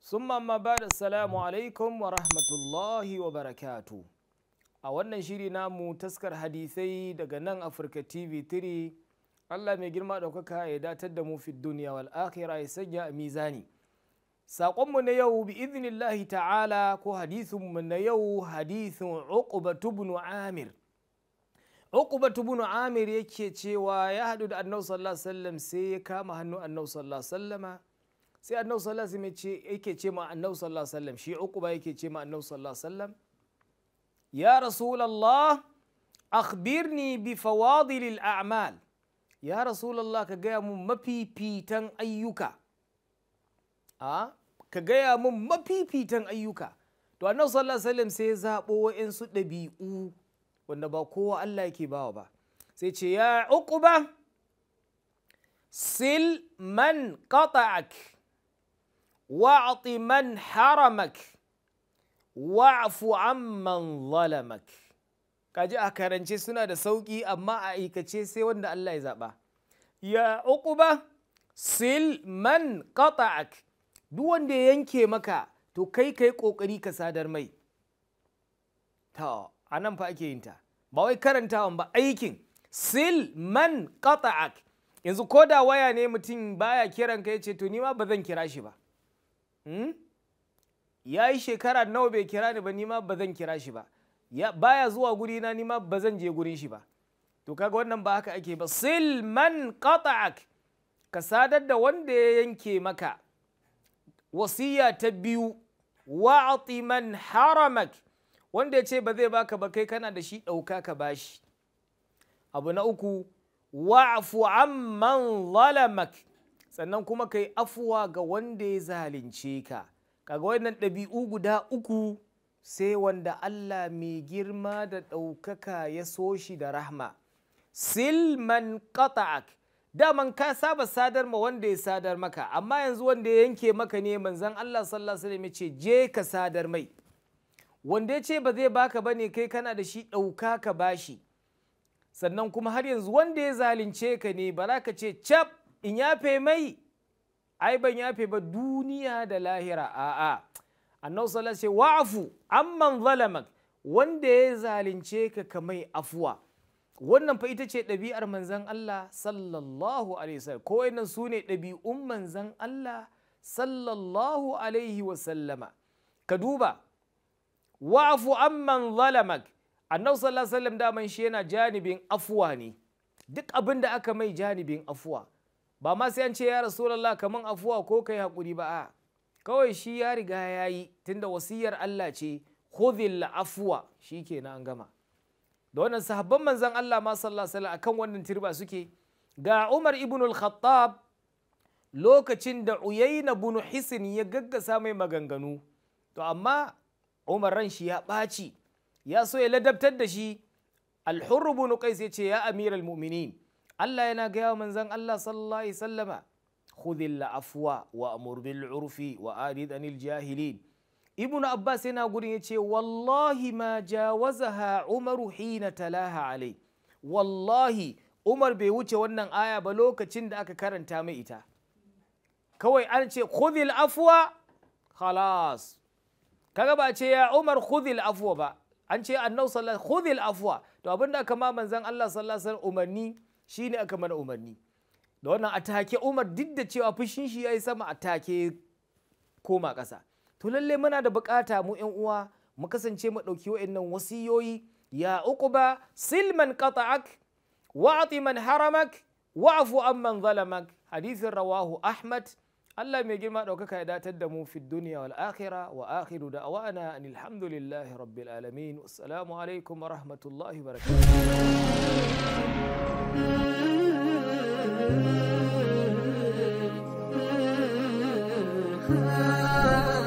Sun mamma ba da salamu alaikum wa rahmatullahi wa barakatu. A wannan shiri namu taskar hadisai daga nan Afirka TV 3 Allah mai girma ɗaukaka ya datar da mu fi duniya wal akhira ya sanya a mizani. Saƙonmu na yau bi iznillahi ta'ala ko hadisinmu na yau hadisin Uqbatu ibn Amir. Uqbatu ibn Amir yake cewa ya haɗu da Annabi sallallahu alaihi wasallam sai ya kama hannu Annabi sallallahu alaihi wasallama sai annabi sallallahu alaihi wasallam yake ce ma annabi sallallahu alaihi wasallam shi uquba yake ce ma annabi sallallahu alaihi wasallam ya rasulullah akhbirni bi fawadil al a'mal ya rasulullah ka gaya mun mafifitan ayyuka a ka gaya mun mafifitan ayyuka to annabi sallallahu alaihi wasallam sai ya zabo wa'ansu ɗabi'u wanda ba kowa Allah yake bawa ba sai ce ya uquba sil man qata'ak وَعْطِ man haramak وَعْفُ عَمَّنْ zalamak kaji a karance suna da sauki amma a aikace sai wanda Allah ya zaɓa ya uku ba. sil man qata'ak duk wanda ya yanke maka to kai kai kokari ka sadar mai to nan fa ake yin ta ba wai karantawan ba aikin sil man qata'ak yanzu ko da waya ne mutum baya kiran ka ce to nima ba zan kira shi ba Hmm? ya yi shekara nawa bai kira ni ba nima ba zan kira shi ba baya zuwa guri na nima ba zan je gurin shi ba to kaga wannan ba haka ake ba silman qata'ak ka sadar da wanda ya yanke maka wasiya ta biyu wa ati man haramak wanda ya ce ba zai baka ba kai kana da shi ɗauka ka bashi abu na uku wa'fu amman zalamak sannan kuma ka yi afuwa ga wanda ya zalunce ka kaga wannan ɗabi'u guda uku sai wanda Allah mai girma da ɗaukaka ya so shi da rahma silman qata'ak daman ka saba sadar ma wanda ya sadar maka amma yanzu wanda ya yanke maka ne manzon Allah sallallahu alaihi wasallam ce je ka sadar mai wanda ya ce ba zai baka bane kai kana da shi ɗauka ka bashi sannan kuma har yanzu wanda ya zalunce ka ne ba ka ce cap in yafe mai ai ban yafe ba duniya da lahira a'a annabi sallallahu alaihi wa'fu amman zalamak wanda ya zalunce ka kamai afuwa wannan fa ita ce ɗabi'ar manzan Allah sallallahu alaihi wasallam ko wannan su ne ɗabi'un manzan Allah sallallahu alaihi wasallama ka duba wa'fu amman zalamak annabi sallallahu alaihi wasallam man shi yana janibin afuwa ne duk abin da aka mai janibin afuwa ba ma sai an ce ya rasulallah kaman afuwa ko kai haƙuri ba a kawai shi ya riga ya yi tunda wasiyar Allah ce khudhil afwa shikenan an gama da wannan sahabban manzon Allah ma sallallahu alaihi akan wannan tirba suke ga Umar ibn al-Khattab lokacin da Uyayna ibn Hisin ya gaggasa mai maganganu to amma Umar ran shi ya ɓaci ya so ya ladabtar da shi al-Hurr ibn Qais ya ce ya amiral mu'minin Allah yana gaya wa manzan Allah sallallahu alaihi sallama khudhil afwa wa amur bil urfi wa arid anil jahilin ibn abbas yana gurin yace wallahi ma jawazaha umaru hina talaha alai wallahi umar bai wuce wannan aya ba lokacin da aka karanta mai ita kawai an ce khudhil afwa khalas kaga ba ce ya Umar khudhil afwa ba an ce annabi sallallahu khudhil afwa to abinda aka ma manzon Allah sallallahu alaihi wasallam umarni shi ne aka mana umarni da wannan a take umar duk da cewa fushin shi ya yi sama a take koma ƙasa to lalle muna da buƙata mu yan uwa mu kasance mu ɗauki wa'annan wasiyoyi ya uquba silman qata'ak wa man haramak wa'fu amman zalamak hadisin rawahu ahmad الله مي جما دوكا كايدا تدمو في الدنيا والاخره واخر دعوانا ان الحمد لله رب العالمين والسلام عليكم ورحمه الله وبركاته